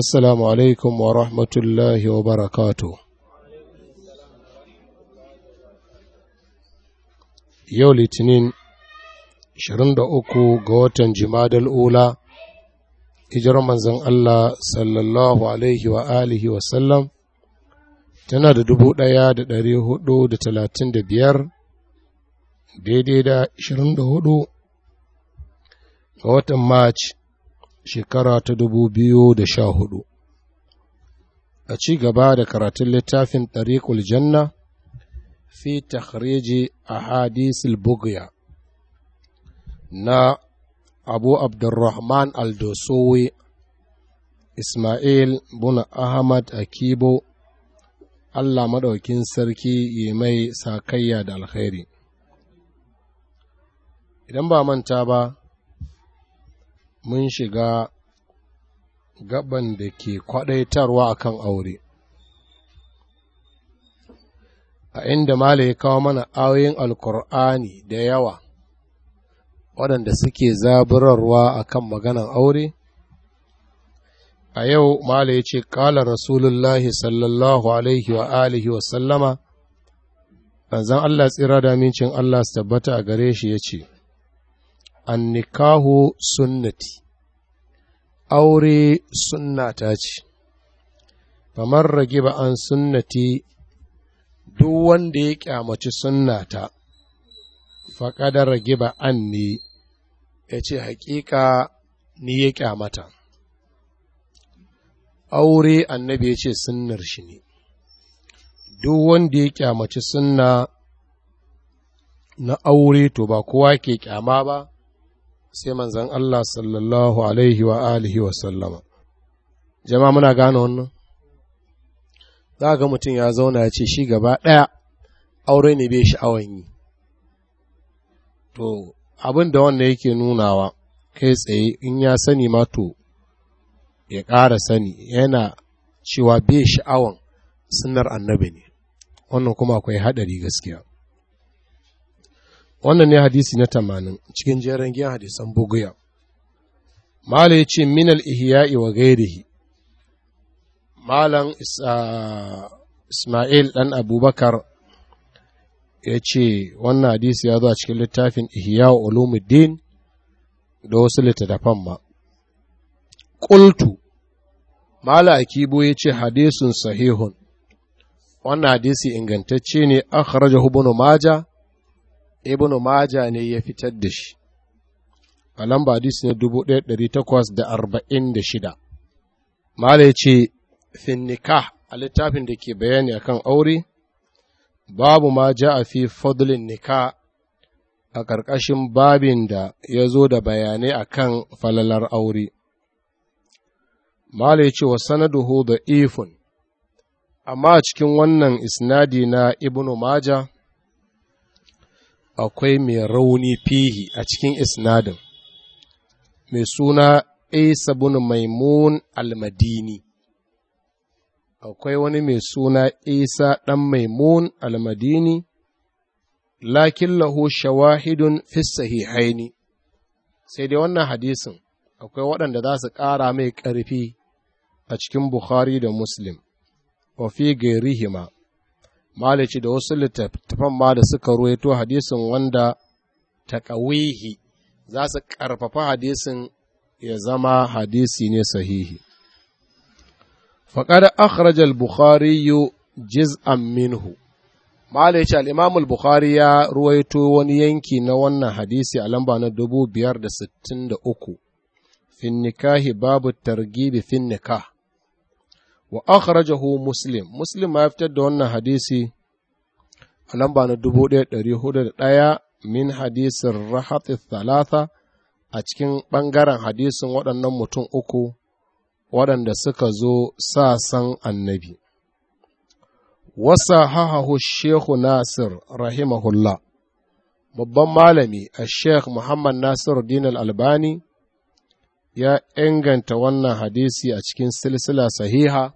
assalamu alaikum wa rahmatullahi wa barakatu yau litinin 23 ga watan jimadal ula hijirar manzan Allah sallallahu alaihi wa alihi wa sallam tana da dubu ɗaya da dari hudu da talatin da biyar daidai da ashirin da hudu ga watan march shekara ta dubu biyu da sha hudu a ci gaba da karatun littafin ɗariƙul janna fi takhreji a hadisul bugya na abu abdurrahman aldosowe ismail buna ahmad akibo allah maɗaukin sarki yi mai sakayya da alkhairi idan ba manta ba mun shiga gaban da ke a kan aure a inda mala ya kawo mana ayoyin alkur'ani da yawa waɗanda suke zaburarwa kan maganan aure a yau mala ya ce ƙala rasulullahi sallallahu alaihi wa alihi wa sallama ɗanzan allah tsira da amincin allah su tabbata a gare shi ya ce annikahu sunnati aure sunnata ce Kamar rage ba an sunnati duk wanda ya kyamaci sunnata faƙada rage ba an ne ya ce haƙiƙa ni ya kyamata aure annabi ya ce sunnar shi ne duk wanda ya kyamaci sunna na aure to ba kowa ke kyama ba sai manzan Allah sallallahu alaihi wa alihi wa sallama jama'a muna gane wannan za ga mutum ya zauna ya ce shi gaba ɗaya aure ne bai sha'awan yi to abin da wannan yake nunawa kai tsaye in ya sani ma to ya ƙara sani yana cewa bai sha'awan sunar annabi ne wannan kuma akwai haɗari gaskiya wannan ne hadisi na tamanin cikin jerin giyan hadisan buguya mala ya ce minal ihya'i wa gairihi malam ah, isma'il dan abubakar ya ce wannan hadisi ya zo a cikin littafin ihya ulumuddin da wasu littattafan ma ƙultu mala akibo ya ce hadisun sahihun wannan hadisi ingantacce ne an kharaja hubunu maja ibn maja ne ya fitar da shi a lamba hadisi na 1846 mala ya ce finnika a littafin da ke bayani a kan aure babu ma ja a fi fadlin nika a ƙarƙashin babin da ya zo da bayanai a kan falalar aure mala ya ce wa sanaduhu da ifun amma cikin wannan isnadi na ibnu maja akwai mai rauni fihi a cikin isnadin mai suna isa bin maimun almadini akwai wani mai suna isa ɗan maimun almadini lakin lahu shawahidun fi sahihaini sai dai wannan hadisin akwai waɗanda za su ƙara mai ƙarfi a cikin Bukhari da Muslim, wa fi gairihima malici da wasu littattafan ma da suka ruwaito hadisin wanda ta ƙawihi za su ƙarfafa hadisin ya zama hadisi ne sahihi faƙada akhraj al-bukhari juz'an minhu malici al bukhari ya ruwaito wani yanki na wannan hadisi a lamba na dubu biyar 563 fi nikahi babu targibi fin nikah wa akhrajahu muslim muslim ma ya fitar da wannan hadisi a lamba na 1401 min hadisin rahat talata a cikin ɓangaren hadisin waɗannan mutum uku waɗanda suka zo sa san annabi wasa hahahu shehu nasir rahimahullah babban malami a sheikh muhammad nasiru dinar albani ya inganta wannan hadisi a cikin silsila sahiha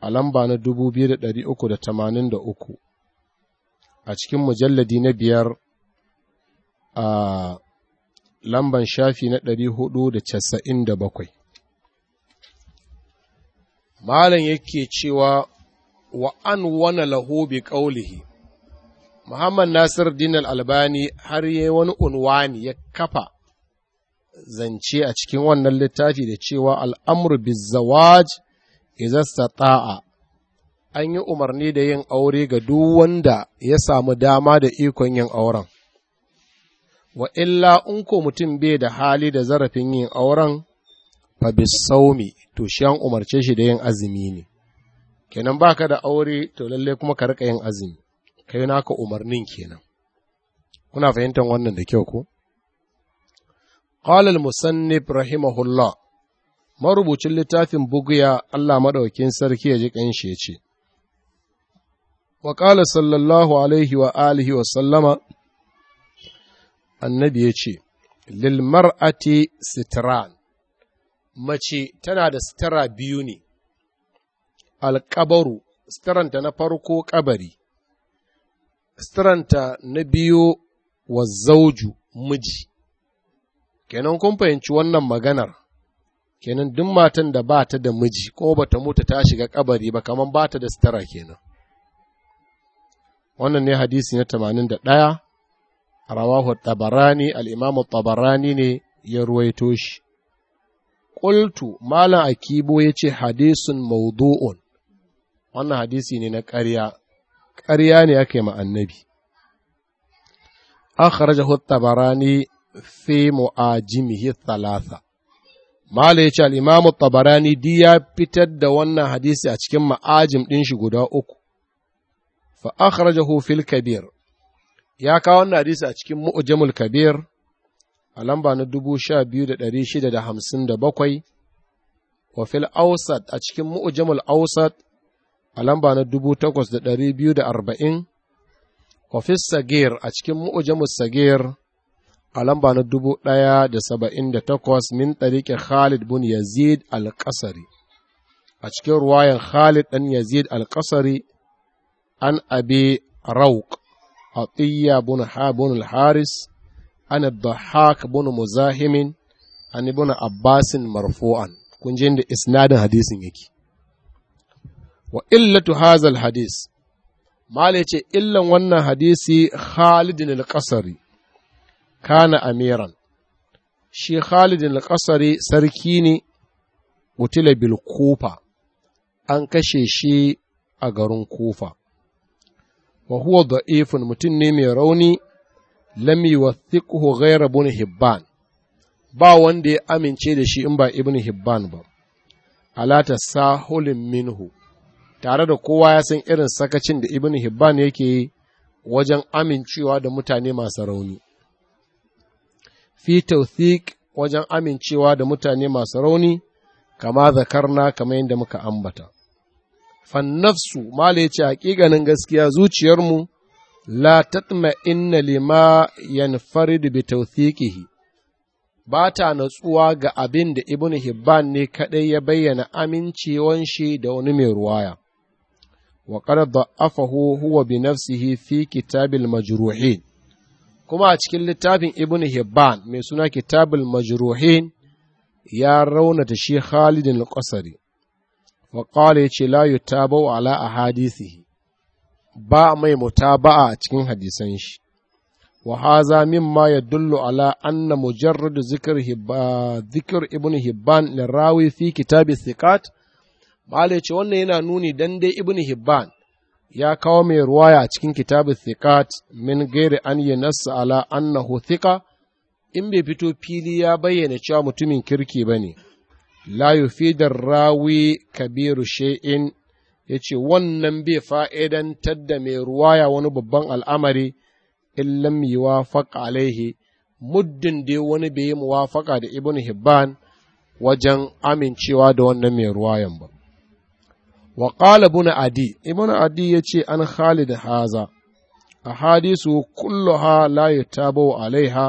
a lamba na 2383 a cikin mujalladi na biyar a lamban shafi na 497 malam yake cewa wa an wana laho bi ƙaulihi Muhammad Nasir dinar Albani har yi wani unwani ya kafa zance a cikin wannan littafi da cewa al'amur bizawaj izastata'a an yi umarni da yin aure ga duk wanda ya samu dama da ikon yin auren wa illa in ko mutum bai da hali da zarafin yin auren fa saumi to shi an umarce shi da yin azumi ne kenan baka da aure to lalle kuma ka rika yin azumi kai naka umarnin kenan kuna fahimtar wannan da kyau ko qala al musannif rahimahullah marubucin littafin buguya Allah maɗaukin sarki ya ji ƙanshi ya ce, Waƙala sallallahu alaihi wa alihi wa sallama, annabi ya ce, Lilmar'ati sitran, mace tana da sitara biyu ne, alƙabaru, sitaranta na farko ƙabari, sitaranta na biyu wa zauju miji, kenan kun fahimci wannan maganar. kenan duk matan da ba ta da miji ko ba ta mutu ta shiga kabari ba kaman ba ta da sitara kenan wannan ne hadisi na tamanin da ɗaya rawahu tabarani al’imamu tabarani ne ya ruwaito shi ƙultu malam akibo ce hadisun maudu'un wannan hadisi ne na ƙarya ƙarya ne aka yi ma annabi akhrajahu tabarani fi mu'ajimihi thalatha Mala ya ce al'imamu tabarani di ya fitar da wannan hadisi a cikin ma'ajim ɗin shi guda uku, fa'akharajahu fil kabir, ya kawo wannan hadisi a cikin mu'ujamul kabir a lamba na dubu sha biyu da ɗari shida da hamsin da bakwai, wa fil ausat a cikin mu'ujamul ausat a lamba na dubu takwas da ɗari biyu da arba'in, wa fil sagir a cikin mu'ujamul sagir a lamba na dubu ɗaya da saba'in da takwas min ɗariƙe Khalid bin Yazid al-Qasari. A cikin ruwayan Khalid ɗan Yazid al-Qasari an abi Rauk, Atiyya bin Habun al-Haris, an bin Muzahimin, an ibn Abbasin marfu'an. Kun ji da isnadin hadisin yake. Wa illatu hazal hadis, Mala ce illan wannan hadisi Khalid al-Qasari. kana amiran shi Khalid al-Qasari sarki ne utila bil Kufa an kashe shi a garin Kufa wa huwa da'ifun mutum ne mai rauni lam yuwathiquhu ghayra ibn Hibban ba wanda ya amince da shi in ba ibn Hibban ba ala tasahulin minhu tare da kowa ya san irin sakacin da ibn Hibban yake yi wajen amincewa da mutane masu rauni fi tawthiq wajen amincewa da mutane masu rauni kama zakarna kamar yadda muka ambata fannafsu mala ya ce haƙiƙanin gaskiya zuciyarmu la tatma inna lima yanfarid bi tawthiqihi ba ta natsuwa ga abin da ibn hibban ne kaɗai ya bayyana amincewan shi da wani mai ruwaya wa qad da'afahu huwa bi nafsihi fi kitabil majruhin kuma a cikin littafin ibn hibban mai suna kitabul majruhin ya raunata shi khalid al-qasari wa qala yace la yutabau ala ahadithihi ba mai mutaba'a a cikin hadisan shi wa haza mimma yadullu ala anna mujarrad zikr zikr ibn hibban lirawi fi kitab thiqat malai ce wannan yana nuni dan dai ibn hibban ya kawo mai ruwaya a cikin kitabin thiqat min gairi an yi nassa ala annahu thiqa in bai fito fili ya bayyana cewa mutumin kirki ba ne la yufidar rawi kabiru She'in ya ce wannan bai fa'idantar da mai ruwaya wani babban al'amari in lam yi alaihi muddin da wani bai yi muwafaka da ibn hibban wajen amincewa da wannan mai ruwayan ba wa qala ibn adi ibn adi yace an da haza a ahadisu kulluha la yutabu alaiha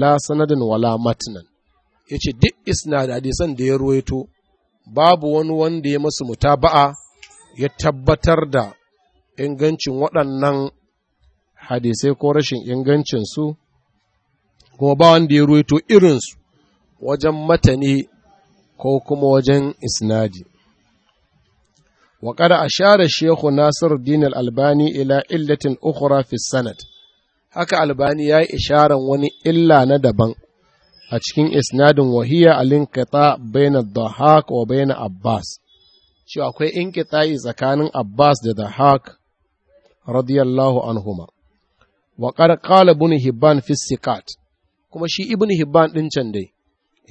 la sanadin wala matnan yace duk isnad hadisan da ya ruwaito babu wani wanda ya masu mutaba'a ya tabbatar da ingancin waɗannan hadisai ko rashin ingancinsu kuma ba wanda ya ruwaito irinsu wajen matani ko kuma wajen isnadi wa kada ashara shehu nasir din albani ila illatin ukhra Fisanat, haka albani ya yi isharan wani illa na daban a cikin isnadin wahiya alinkita baina dahak wa baina abbas shi akwai inkita'i tsakanin abbas da dahak radiyallahu anhuma wa qala ibn hibban fi sikat kuma shi ibn hibban ɗin can dai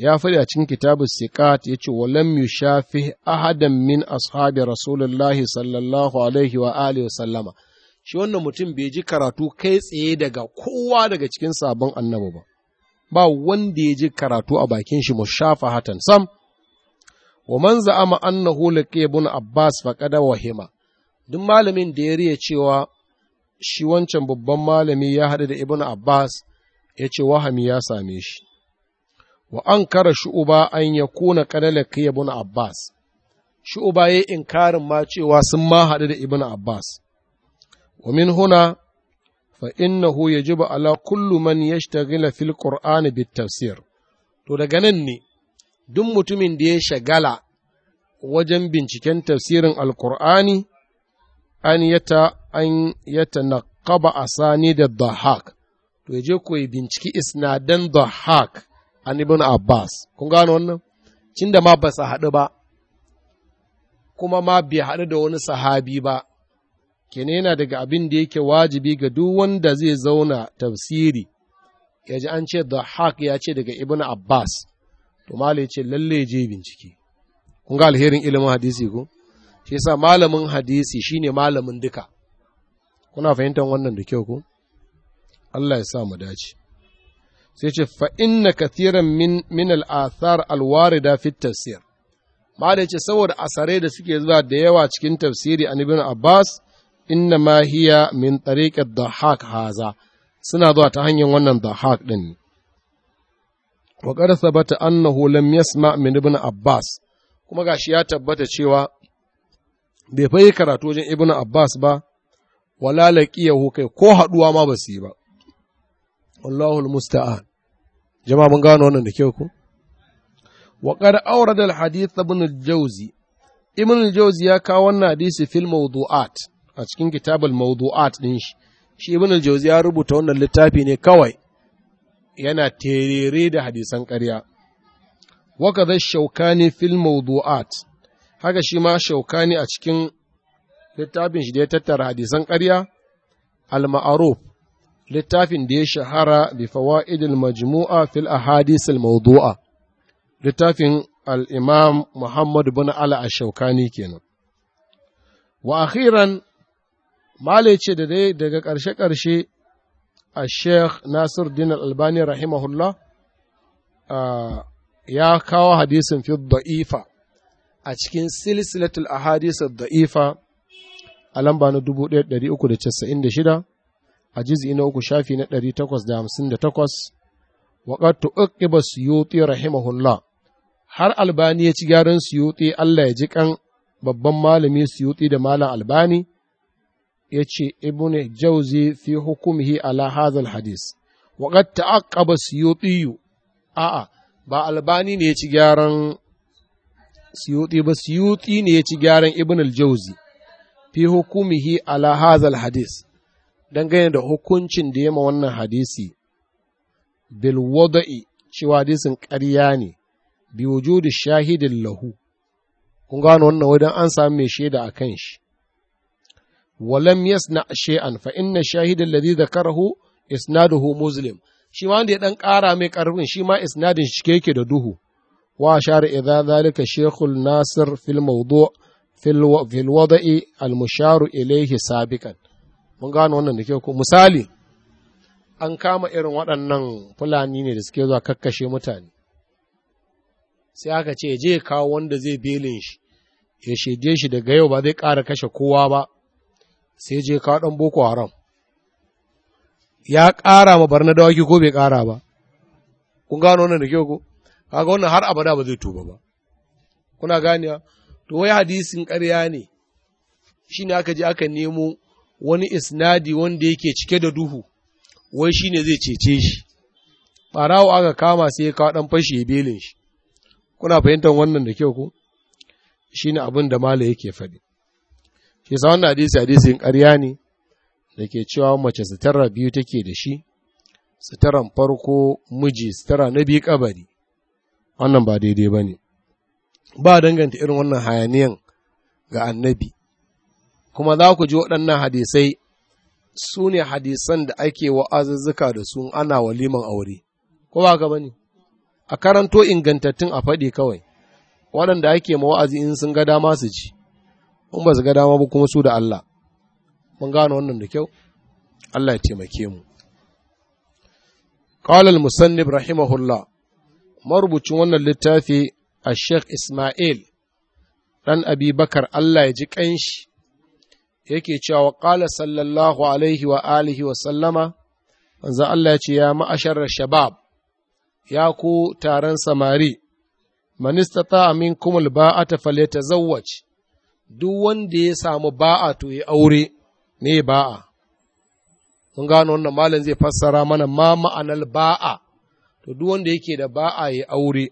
ya faɗi a cikin kitabu sikat ya ce walam yushafi ahadan min ashabi rasulullahi sallallahu alaihi wa alihi sallama shi wannan mutum bai ji karatu kai tsaye daga kowa daga cikin sabon annabi ba ba wanda ya ji karatu a bakin shi mu mushafa hatan sam wa man za'ama annahu laqiya ibn abbas faqada wahima duk malamin da ya riya cewa shi wancan babban malami ya haɗu da ibn abbas ya ce wahami ya same shi wa an kara shu'uba an ya kuna kanala kai Abbas shu'uba yayi karin ma cewa sun ma haɗu da ibn Abbas wa min huna fa ji ba ala kullu man yashtaghala fil qur'ani bit tafsir to daga nan ne duk mutumin da ya shagala wajen binciken tafsirin alkur'ani an yata an yata a sani da dhahak to je koyi binciki isnadan dhahak an ibn Abbas, kun gano wannan? Cin da ma ba su haɗu ba, kuma ma bai haɗu da wani sahabi ba, kene yana daga abin da yake wajibi ga duk wanda zai zauna tafsiri, ya ji an ce da haq ya ce daga ibn Abbas, to malai ce lalle je bincike. Kun ga alherin ilimin hadisi ko? Shi yasa malamin hadisi shine malamin duka. Kuna fahimtar wannan da kyau ko? Allah ya sa mu dace. sai ce fa inna kathiran min min al-athar al-warida fi tafsir ma da ce saboda asare da suke zuwa da yawa cikin tafsiri an ibn Abbas inna ma hiya min tariqat dahak haza suna zuwa ta hanyar wannan dahak din ne wa qad sabata annahu lam yasma min ibn Abbas kuma gashi ya tabbata cewa bai fa yi karatu wajen ibn Abbas ba wala laqiyahu kai ko haɗuwa ma ba su yi ba wallahul musta'an jama'a mun gano wannan da kyau ku wa qad awrada al hadith ibn al jawzi ibn al jawzi ya kawo wannan hadisi fil mawdu'at a cikin kitab al mawdu'at din shi shi ibn al jawzi ya rubuta wannan littafi ne kawai yana terere da hadisan ƙarya wa kadha shaukani fil mawdu'at haka shi ma shaukani a cikin littafin shi da ya tattara hadisan ƙarya al ma'ruf littafin da ya shahara bi fawaidil majmu'a fil ahadis al mawdu'a littafin al-imam Muhammad bin Ala ash-Shawkani kenan wa akhiran malai ce da dai daga ƙarshe karshe a Sheikh Nasir Din al-Albani rahimahullah ya kawo hadisin fi da'ifa a cikin silsilatul ahadis ad-da'ifa a lamba na 1396 a juz'i na uku shafi na ɗari takwas takwas da da hamsin 858 waqad tuqiba suyuti rahimahullah har albani ya ci gyaran suyuti Allah ya ji kan babban malami suyuti da malam albani ya ce ibn jauzi fi hukumihi ala hadhal hadis waqad ta'aqqaba yu a'a ba albani ne ya ci gyaran suyuti ba suyuti ne ya ci gyaran ibn al-jauzi fi hukumihi ala hadhal hadis dangane da hukuncin da yama wannan hadisi bil wada'i cewa hadisin ƙarya ne bi wujudi shahidin lahu kun gano wannan wajen an sami mai shaida a kan shi walam yasna shay'an fa inna shahidin ladhi dhakarahu isnaduhu muslim shi ma wanda ya dan ƙara mai ƙarfin shi ma isnadin shi yake da duhu wa shar idza zalika shaykhul nasir fil mawdu' fil wada'i al musharu ilayhi sabiqan mun gano wannan da kyau ko misali an kama irin waɗannan fulani ne da suke zuwa kakkashe mutane sai aka ce je kawo wanda zai belin shi ya shaide shi daga yau ba zai ƙara kashe kowa ba sai je kawo ɗan boko haram ya ƙara ma barna dawaki ko bai ƙara ba kun gano wannan da kyau ko kaga wannan har abada ba zai tuba ba kuna ganiya to wai hadisin ƙarya ne shine aka je aka nemo wani isnadi wanda yake cike da duhu wai shi ne zai cece shi ɓarawo aka kama sai ya kawo ɗan fashi ya belin shi kuna fahimtar wannan da kyau ko shi ne abin da mala yake faɗi shi sa wannan hadisi hadisin ƙarya ne da ke cewa mace sitara biyu take da shi sitaran farko miji sitara na biyu kabari wannan ba daidai ba ne ba danganta irin wannan hayaniyan ga annabi kuma za ku ji waɗannan hadisai su ne hadisan da ake wa'azuzzuka da su ana waliman aure, ko ba ka bane, a karanto ingantattun a faɗi kawai, waɗanda ake ma wa'azi in sun ga dama su ji, in ba su ga dama ba kuma su da Allah, mun gano wannan da kyau, Allah ya taimake mu. Ƙalal musannib rahimahullah, marubucin wannan littafi a Sheikh Ismail, ɗan Abi Bakar Allah ya ji ƙanshi, yake cewa ƙala sallallahu alaihi wa alihi wa sallama wanzu Allah ce ya ma'asharar shabab ya ku taron samari ta man istata ta alba'ata falyatazawwaj duk wanda ya samu ba'a to ya aure me ba'a Mun gano wannan malam zai fassara mana ma ma'anar ba'a to duk wanda yake da ba'a ya aure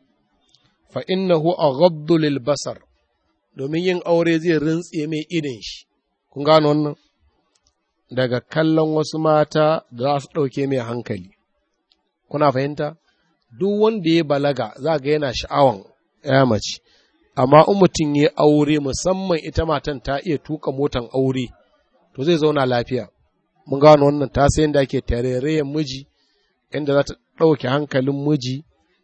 fa innahu a lil basar domin yin aure zai rintse mai idin shi kun gano wannan daga kallon wasu mata da za su ɗauke mai hankali kuna fahimta duk wanda ya balaga za ga yana sha'awan ya mace amma in mutum ya aure musamman ita matan ta iya tuka motan aure to zai zauna lafiya mun gano wannan ta sayan da ake tarerayen miji inda za ta ɗauke hankalin miji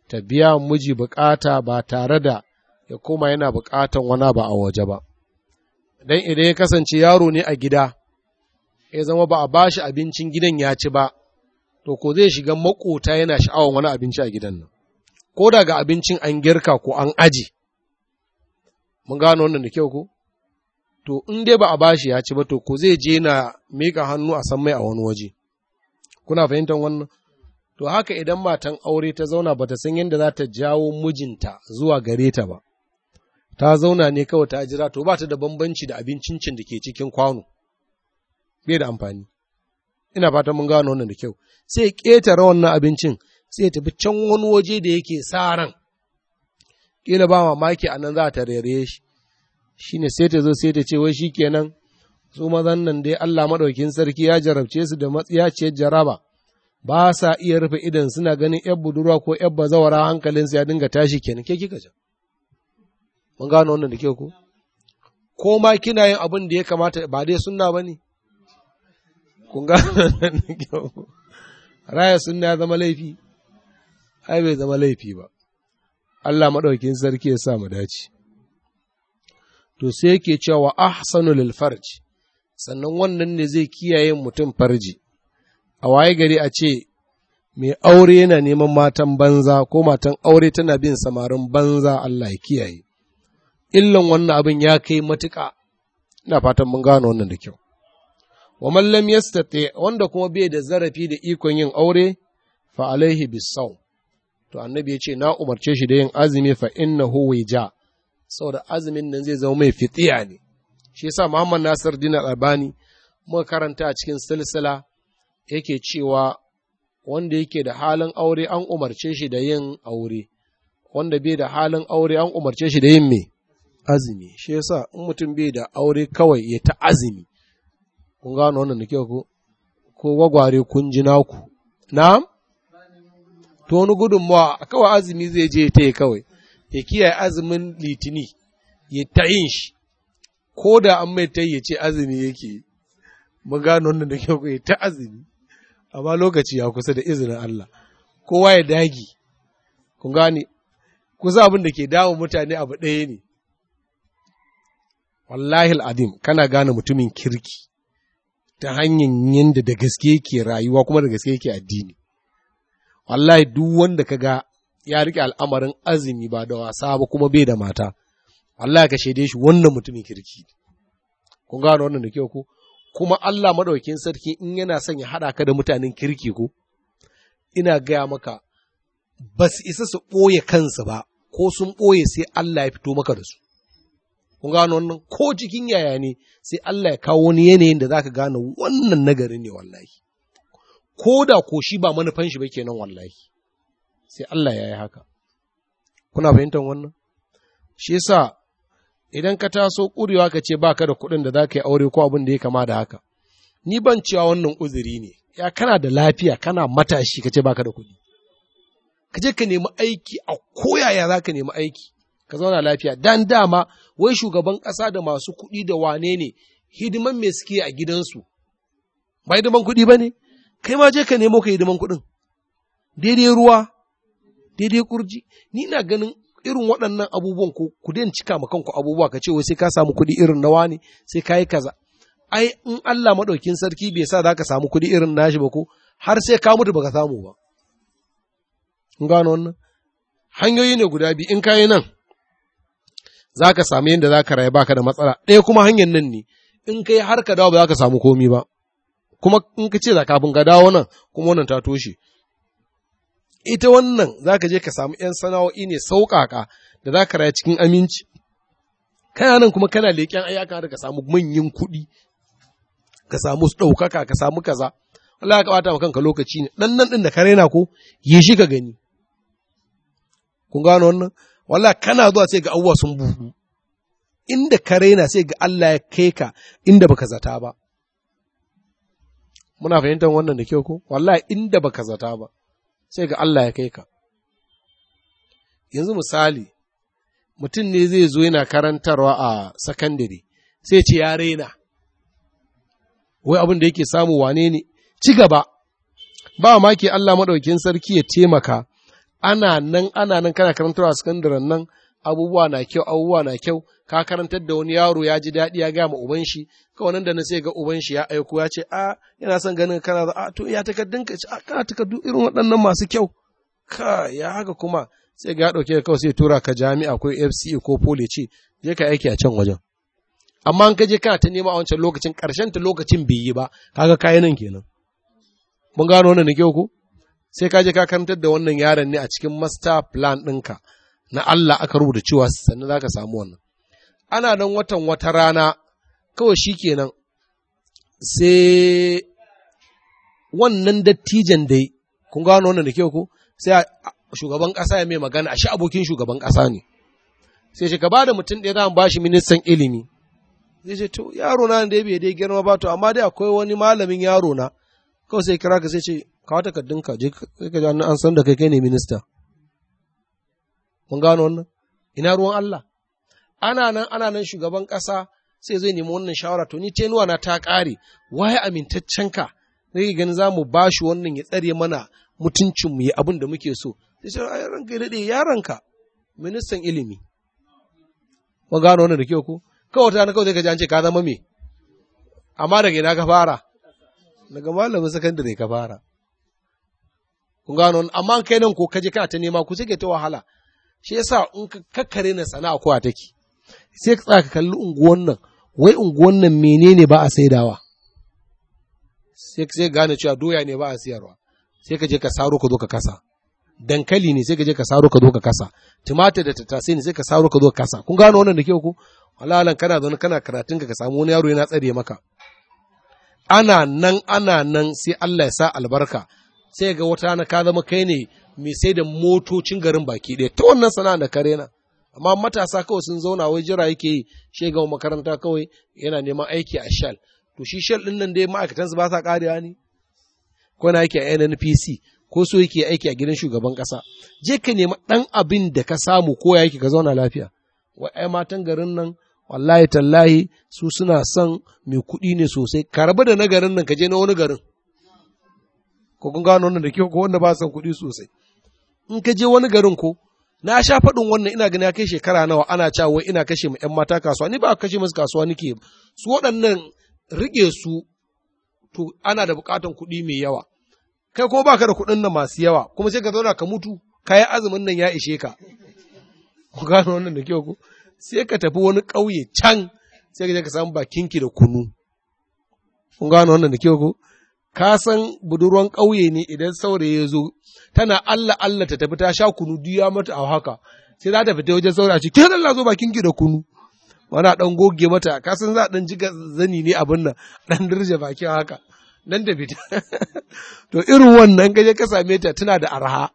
ta biya miji bukata ba tare da ya koma yana bukatan wana ba a waje ba dan idan ya kasance yaro ne a gida ya zama ba a bashi abincin gidan ya ci ba to ko zai shiga makota yana sha'awar wani abinci a gidan nan ko daga abincin an girka ko an aji mun gano wannan da kyau ko to in dai ba a bashi ya ci ba to ko zai je na miƙa hannu a san mai a wani waje kuna fahimtar wannan to haka idan matan aure ta zauna bata san yadda za ta jawo mijinta zuwa gare ta ba ta zauna ne kawai ta jira to ba ta da bambanci da abincincin da ke cikin kwano bai da amfani ina fata mun gano wannan da kyau sai ƙetare wannan abincin sai tafi can wani waje da yake sa ran ƙila ba mamaki a nan za ta rere shi shi ne sai ta zo sai ta ce wai shi kenan su mazan nan dai Allah maɗaukin sarki ya jarabce su da matsiya ce jaraba ba sa iya rufe idan suna ganin ‘yan budurwa ko ‘yan bazawara hankalinsu ya dinga tashi kenan ke kika can mun gano wannan da kyau ko ko ma kina yin abin da ya kamata ba dai sunna bane kun gano wannan da ke ku? raya sunna ya zama laifi ai bai zama laifi ba Allah madaukin sarki ya sa mu dace to sai yake cewa ahsanu lil farj sannan wannan ne zai kiyaye mutum farji a waye gari a ce mai aure yana neman matan banza ko matan aure tana bin samarin banza Allah ya kiyaye illan wannan abin ya kai matuka. ina fatan mun gano wannan da kyau wa man lam yastati wanda kuma bai da zarafi da ikon yin aure fa alaihi bisau to annabi ya ce na umarce shi da yin azumi fa innahu wija saboda azumin nan zai zama mai fitiya ne shi yasa Muhammad Nasir din Albani mu karanta a cikin silsila yake cewa wanda yake da halin aure an umarce shi da yin aure wanda bai da halin aure an umarce shi da yin me azumi shi yasa in mutum bai da aure kawai ya ta azumi kun gano wannan da kyau ko wagware kun ji naku na'am to wani gudunmawa kawai azumi zai je ta yi kawai ya kiyaye azumin litini ya ta yin shi ko da an mai ta ya ce azumi yake mun gano wannan da kyau ya ta azumi amma lokaci ya kusa da izinin Allah kowa ya dagi kun gane kusa abin da ke damun mutane abu ɗaya ne wallahi adim kana gane mutumin kirki ta hanyar yadda da gaske yake rayuwa kuma da gaske yake addini wallahi duk wanda ka ga ya rike al'amarin azumi ba da wasa ba kuma bai da mata wallahi ka shaide shi wannan mutumin kirki kun gane wannan da kyau ko kuma Allah madaukakin sarki in yana son ya haɗa ka da mutanen kirki ko ina gaya maka ba su isa su ɓoye kansu ba ko sun ɓoye sai Allah ya fito maka da su Kun gano wannan ko cikin yaya ne sai Allah ya kawo wani yanayin da zaka gane wannan nagari ne wallahi. Ko da ko shi ba manufan shi ba kenan wallahi. Sai Allah ya yi haka. Kuna fahimtar wannan? Shi yasa idan ka taso kurewa ka ce baka da kuɗin da zaka yi aure ko abin da ya kama da haka. Ni ban cewa wannan uzuri ne. Ya kana da lafiya kana matashi ka ce baka da kuɗi. Ka je ka nemi aiki a koyaya za ka nemi aiki. ka zauna lafiya dan dama wai shugaban ƙasa da masu kuɗi da wane ne hidiman mai suke a gidansu ba hidiman kuɗi ba ne kai ma je ka nemo ka hidiman kuɗin daidai ruwa daidai kurji ni na ganin irin waɗannan abubuwan ko ku den cika ma kanku abubuwa ka ce wai sai ka samu kuɗi irin na wani sai ka yi kaza ai in Allah maɗaukin sarki bai sa za samu kuɗi irin nashi ba ko har sai ka mutu baka samu ba. gano wannan? Hanyoyi ne guda biyu in kayi nan, za ka sami yadda za ka rayu baka da matsala ɗaya kuma hanyar nan ne in kai har ka dawo ba za ka samu komi ba kuma in ka ce za kafin ka dawo nan kuma wannan ta toshe ita wannan za ka je ka samu ‘yan sana'o'i ne sauƙaƙa da za ka rayu cikin aminci kana nan kuma kana leƙen ayyaka da ka samu manyan kuɗi ka samu su ɗaukaka ka samu kaza Allah ya kabata wa kanka lokaci ne ɗan nan ɗin da ka raina ko yi shi ka gani kun gano wannan wala kana zuwa sai ga abubuwa sun buhu inda ka raina sai ga Allah ya kai ka inda baka zata ba muna fahimtar wannan da kyau ko wallahi inda baka zata ba sai ga Allah ya kai ka yanzu misali mutum ne zai zo yana karantarwa a secondary sai ce ya raina wai abin da yake samu wane ne ci gaba ba maki Allah madaukin sarki ya taimaka ana nan ana nan kana karantarwa a sakandaren nan abubuwa na kyau abubuwa na kyau ka karantar da wani yaro ya ji daɗi ya gama uban shi kawai nan da na sai ga uban shi ya aiko ya ce a ah, yana son ganin kana a ah, to ya takardun ka ce a ah, kana takardu irin waɗannan masu kyau ka ya haka kuma sai ga ɗauke ka kawai sai tura ka jami'a ko FCE ko pole ce je ka aiki a can wajen amma an ka je kana ta nema a wancan lokacin karshen ta lokacin bai yi ba kaga kayanan kenan mun gano wannan ne ku sai ka je ka karantar da wannan yaron ne a cikin master plan ɗinka na Allah aka rubuta cewa sannan za ka samu wannan ana nan watan wata rana kawai shi kenan sai wannan dattijan dai kun gano wannan da ke ko sai shugaban ƙasa ya mai magana a shi abokin shugaban ƙasa ne sai shi gaba da mutum ɗaya za mu shi ministan ilimi zai ce to yaro na da bai dai girma ba to amma dai akwai wani malamin yaro na kawai sai kira ka sai ce kawo takardunka je ka ji an san da kai kai ne minista mun gano wannan ina ruwan Allah ana nan ana nan shugaban ƙasa sai zai nemi wannan shawara to ni tenuwa na ta ƙare waye amintaccen ka zai gani za mu ba shi wannan ya tsare mana mutuncin mu yi abin da muke so sai shi ai ranka ya dade yaranka ministan ilimi mun gano wannan da kyau ko kawai ta kawai zai ka ji an ce ka zama me amma daga ina ka fara daga malamin sakandare ka fara kun gano amma kai nan ko kaje kana ta nema ku sai ta wahala shi yasa in ka kakkare na sana'a ko take sai ka tsaka kalli unguwan nan wai unguwan nan menene ba a saidawa sai sai gane cewa doya ne ba a siyarwa sai ka je ka saro ka zo ka kasa dankali ne sai ka je ka saro ka zo ka kasa tumatir da tattasai ne sai ka saro ka zo ka kasa kun gano wannan da kyau ku wala kana zaune kana karatun ka ka samu wani yaro yana tsare maka ana nan ana nan sai Allah ya sa albarka sai ga wata na ka zama kai ne mai sai da motocin garin baki ɗaya ta wannan sana'a da kare na amma matasa kawai sun zauna wai jira yake yi shi ga makaranta kawai yana neman aiki a shal to shi shal ɗin nan dai ma'aikatan su ba sa ƙariya ne ko na aiki a NNPC ko so yake aiki a gidan shugaban ƙasa je ka nema ɗan abin da ka samu ko ya yake ka zauna lafiya wa ai matan garin nan wallahi tallahi su suna son mai kuɗi ne sosai ka rabu da na garin nan ka je na wani garin ko kun gano wannan da ke ko wanda ba san kuɗi sosai in ka je wani garin ko na sha faɗin wannan ina gani ya kai shekara nawa ana cewa wai ina kashe mu ƴan mata kasuwa ni ba kashe musu kasuwa nake su waɗannan rike su to ana da buƙatar kuɗi mai yawa kai ko baka da kuɗin nan masu yawa kuma sai ka zauna ka mutu kayan azumin nan ya ishe ka ku gano wannan da kyau ko sai ka tafi wani ƙauye can sai ka je ka samu bakinki da kunu kun gano wannan da kyau ko ka san budurwan ƙauye ne idan saurayi ya zo tana Allah Allah ta tafi ta sha kunu duya mata a haka sai za ta fita wajen saurayi ce ke Allah zo bakin ki da kunu wana dan goge mata ka san za dan jiga zani ne abin nan dan dirje bakin haka nan da fita to irin wannan gaje ka same ta tana da arha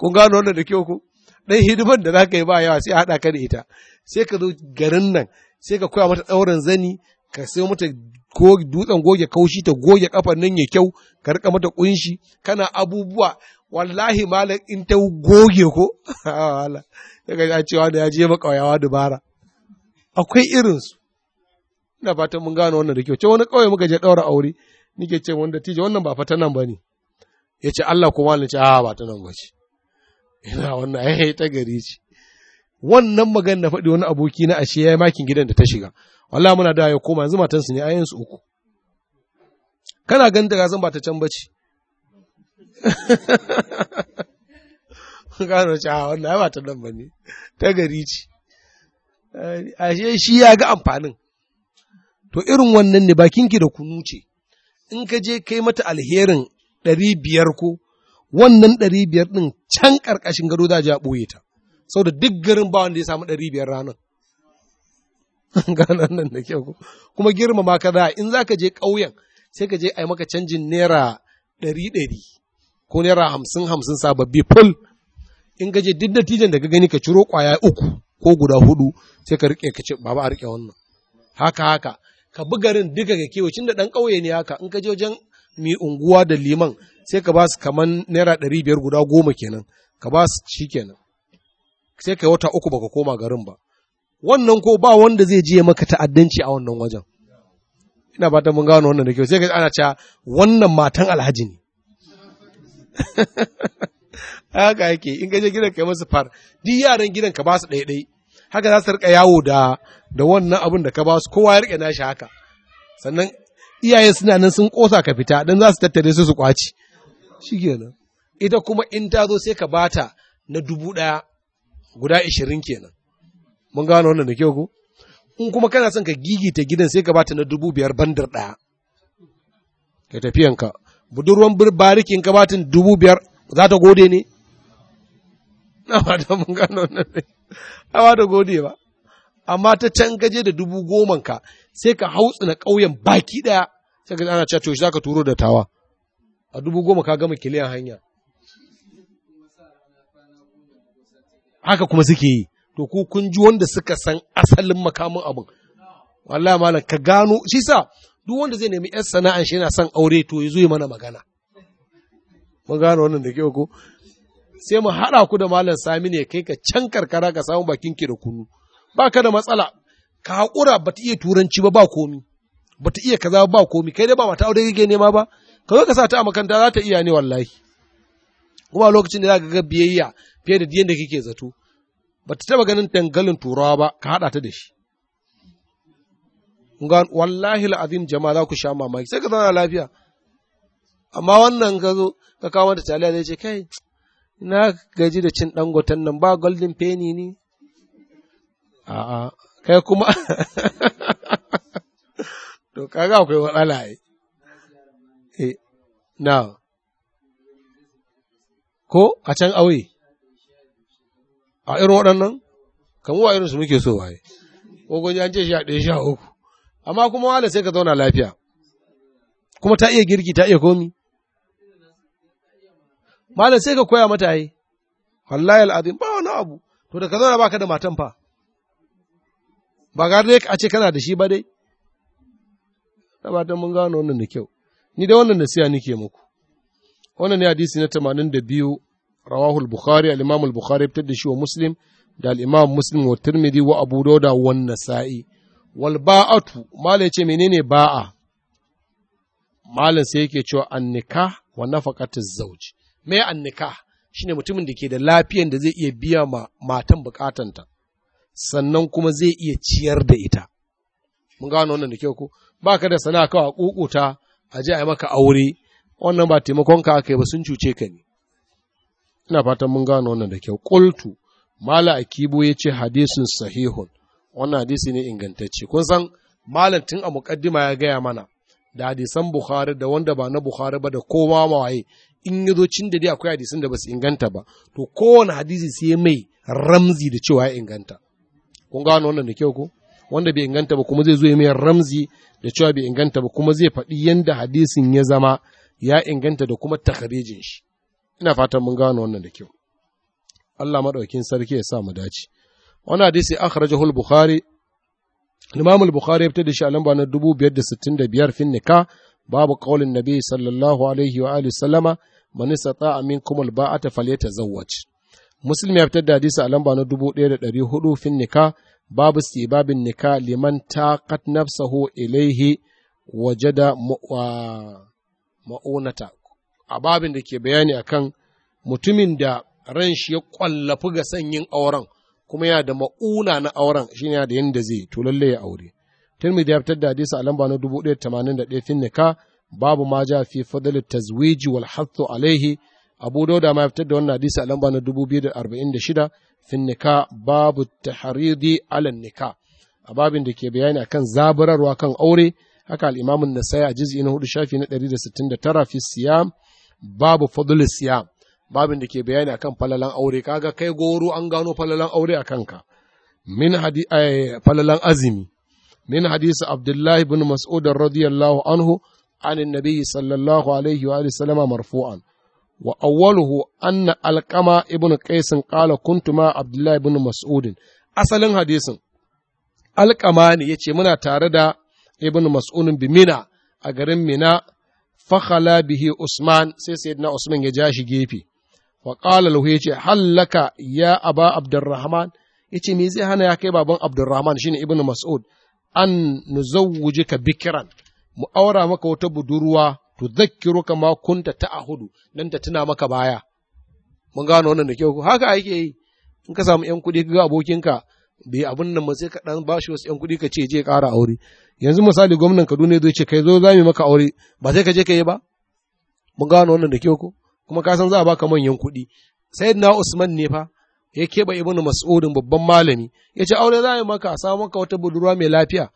kun gano wannan da kyau ku? dan hidiman da zaka yi ba yawa sai hada ka da ita sai ka zo garin nan sai ka koya mata ɗaurin zani ka sayo mata ko dutsen goge kaushi ta goge kafan nan ya kyau ka rika mata kunshi kana abubuwa wallahi malam in ta goge ko wala daga ya cewa da ya je makauyawa dubara akwai irinsu ina fatan mun gane wannan da kyau ce wani kauye muka je daura aure nike ce wanda tije wannan ba fata nan bane ya ce Allah kuma ni ce a ba ta nan ba ce ina wannan ai ta gari ce wannan magana na faɗi wani aboki na ashe ya yi makin gidan da ta shiga wallah muna da ya koma yanzu matansu ne ayyansu uku kana ganin da gazan ba ta can bace gano ci a ah, wannan ya bata nan bane ta gari ce ashe shi ya ga amfanin to irin wannan ne bakinki da kunu ce in ka je kai mata alherin ɗari biyar ko wannan ɗari biyar ɗin can ƙarƙashin gado za a ɓoye ta sau da duk garin ba wanda ya samu ɗari biyar ranar gano nan da kyau kuma girmama ka za in za ka je ƙauyen sai ka je a yi maka canjin naira ɗari ɗari ko naira hamsin hamsin sababbi ful in ka je duk natijan da ka gani ka ciro ƙwaya uku ko guda hudu sai ka riƙe ka ce baba a riƙe wannan haka haka ka bi garin duka ga kewacin da ɗan ƙauye ne haka in ka je wajen mi unguwa da liman sai ka ba su kaman naira ɗari biyar guda goma kenan ka ba su shi kenan sai ka yi wata uku baka koma garin ba wannan ko ba wanda zai je maka ta'addanci a wannan wajen ina ba ta mun gano wannan da kyau sai ka ana cewa wannan matan alhaji ne haka yake in ka je gidan ka yi musu far duk yaran gidan ka ba su ɗaiɗai haka za su rika yawo da da wannan abin da ka ba su kowa ya rike nashi haka sannan iyaye suna nan sun kosa ka fita dan za su tattare su su kwaci shikenan ita kuma in ta zo sai ka bata na dubu ɗaya guda ishirin kenan mun gano wannan da kyau ko in kuma kana son ka gigita gidan sai ka bata na dubu biyar bandar ɗaya ka tafiyanka budurwan barikin ka batin dubu biyar za ta gode ne na da mun gano wannan ne a ba da gode ba amma ta can gaje da dubu goman ka sai ka hautsu na ƙauyen baki ɗaya sai ka ana cewa to za ka turo da tawa a dubu goma ka gama kiliyan hanya haka kuma suke yi to ku kun ji wanda suka san asalin makamin abin wallahi malam ka gano shi sa duk wanda zai nemi yar sana'an shi yana son aure to ya yi mana magana mun gano wannan da kyau ko sai mu haɗa ku da malam sami ne kai ka can karkara ka samu bakin ki da kunu baka da matsala ka hakura ba ta iya turanci ba ba komi ba ta iya kaza ba komi kai dai ba mata aure kake nema ba ka zo ka sa ta a makaranta za ta iya ne wallahi kuma lokacin da za ka ga biyayya fiye da yadda kike zato ba ta taba ganin dangalin turawa ba ka haɗa ta da shi ga wallahi la'azim jama'a za ku sha mamaki sai ka zauna lafiya amma wannan ka zo ka kawo da taliya zai ce kai na gaji da cin dangoton nan ba golden penny ni. a'a kai kuma to kaga akwai matsala eh na ko a can auye a irin waɗannan kamu irin irinsu muke so waye ko gwaji an ce a ɗaya sha uku amma kuma wala sai ka zauna lafiya kuma ta iya girki ta iya komi malam sai ka koya mata yi wallahi al'azim ba wani abu to da ka zauna baka da matan fa ba ga dai a ce kana da shi ba dai da ba mun gano wannan da kyau ni dai wannan nasiha nake muku wannan ne hadisi na 82 rawahu al-bukhari al-imam al fitar da shi wa muslim da al-imam muslim wa tirmidhi wa abu dauda wa nasa'i wal ba'atu mala yace menene ba'a mala sai yake cewa annika wa nafaqatiz zawj me annika shine mutumin da ke da lafiyan da zai iya biya ma matan bukatanta sannan kuma zai iya ciyar da ita mun gano wannan da kyau ko ba ka da sana'a kawai a kukuta a je maka aure wannan ba taimakonka ka aka yi ba sun cuce ka ne ina fatan mun gano wannan da kyau qultu mala akibo yace hadisin sahihun wannan hadisi ne ingantacce kun san malam tun a muqaddima ya gaya mana da hadisan bukhari da wanda ba na bukhari ba da kowa mawaye in yazo cin da dai akwai hadisin da basu inganta ba to kowane hadisi sai mai ramzi da cewa ya inganta kun gano wannan da kyau ko wanda bai inganta ba kuma zai zo mai ramzi da cewa bai inganta ba kuma zai faɗi yadda hadisin ya zama ya inganta da kuma takharijin shi ina fatan mun gano wannan da kyau Allah madaukin sarki ya sa mu dace wani hadisi akhrajahu al-bukhari al-imam al-bukhari ya fitar da shi a lamba na 2565 fin nikah babu qaulin nabi sallallahu alaihi wa alihi sallama man istata'a minkum al-ba'ata falyatazawwaj muslim ya fitar da hadisi a lamba na 1400 fin nikah babu istibabin nika liman taqat nafsahu ilaihi wajada ma'unata a babin da ke bayani akan mutumin da ran shi ya kwallafi ga sanyin auren kuma yana da ma'una na auren shi yana da yadda zai to lalle ya aure tirmidhi ya fitar da hadisi a lamba na 1081 fin nika babu ma ja fi fadl tazwiji wal hathu alaihi abu dauda ma ya fitar da wannan hadisi a lamba na 2046 fin nika babu tahridi ala nika a babin da ke bayani akan zabararwa kan aure haka al-imam an-nasai a juz'i na 4 shafi na 169 fi siyam babu fadulis siya babin da ke bayani akan falalan aure kaga kai goro an gano falalan aure a kanka min hadi eh, falalan azumi. min hadisi abdullahi ibn mas'ud radiyallahu anhu an annabi sallallahu alaihi wa alihi sallama marfu'an wa awwaluhu anna alqama ibn qais qala kuntu ma abdullahi ibn mas'ud asalin hadisin alqama ne yace muna tare da ibn mas'ud bi mina a garin mina fakhala bihi Usman sai sayyidina Usman ya ja shi gefe wa qala lahu yace hallaka ya aba abdurrahman yace me zai hana ya kai baban abdurrahman shine ibnu mas'ud an nuzawwijuka bikran mu aura maka wata budurwa tudhakkiruka ma kunta ahudu dan ta tuna maka baya mun gano wannan da kyau haka ake yi in ka samu yan kuɗi ga abokinka bai abin nan ba sai ka dan bashi wasu yan kuɗi ka ce je ƙara aure yanzu misali gwamnan Kaduna zai ce kai zo za maka aure ba sai ka je ka yi ba mun gano wannan da kyau ko kuma ka san za a baka manyan kuɗi sayyidina Usman ne fa ya keɓe ibnu mas'udin babban malami ya ce aure za a yi maka a samu maka wata budurwa mai lafiya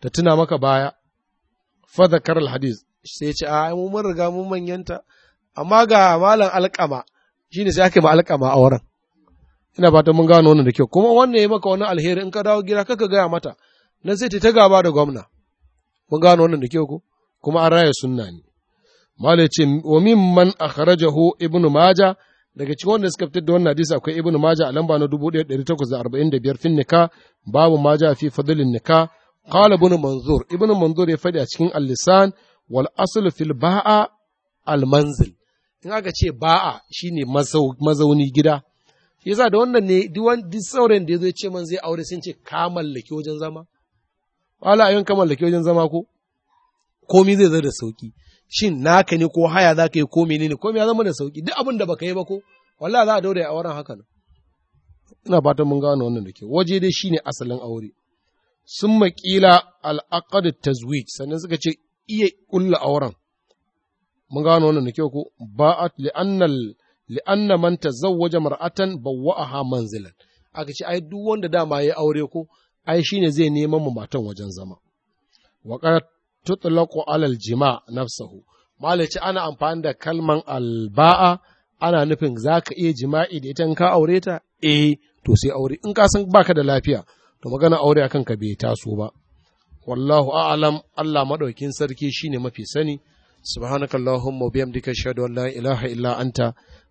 ta tuna maka baya fa zakar hadis sai ce a mun riga mun manyanta amma ga malam alƙama shine sai aka yi ma alƙama auren ina ba ta mun gano wannan da kyau kuma wannan ya maka wani alheri in ka dawo gida kaka gaya mata na sai ta gaba da gwamna mun gano wannan da kyau ko kuma an raya sunna ne mala ce wa man akhrajahu ibnu maja daga cikin wanda suka fitar da wannan hadisi akwai ibnu maja a lamba na 1845 fin nika babu maja fi fadlin nika qala ibnu manzur ibnu manzur ya fadi a cikin al-lisan wal aslu fil ba'a al manzil in aka ce ba'a shine mazauni gida yasa da wannan ne duwan sauran da ya zo ce man zai aure sun ce ka mallaki wajen zama wala ayon ka mallaki wajen zama ko komi zai zo da sauki shin naka ne ko haya za ka yi ne ne komi ya zama da sauki duk abin da baka yi ba ko wala za a daure a auren haka nan ina fatan mun gano wannan da ke waje dai shine asalin aure sun maƙila al'aqad tazwij sannan suka ce iya ƙulla auren mun gano wannan da kyau ko ba'at li'annal li'anna man tazawwaja mar'atan bawwa'aha manzilan aka ce ai duk wanda dama ya aure ko ai shine zai neman mu matan wajen zama wa qad tutlaqu alal jima nafsahu malaci ana amfani da kalman alba'a ana nufin zaka iya jima'i da ita in ka aure ta eh to sai aure in ka san baka da lafiya to magana aure akan ka bai taso ba wallahu a'lam Allah madaukin sarki shine mafi sani subhanakallahumma wa bihamdika ashhadu an la ilaha illa anta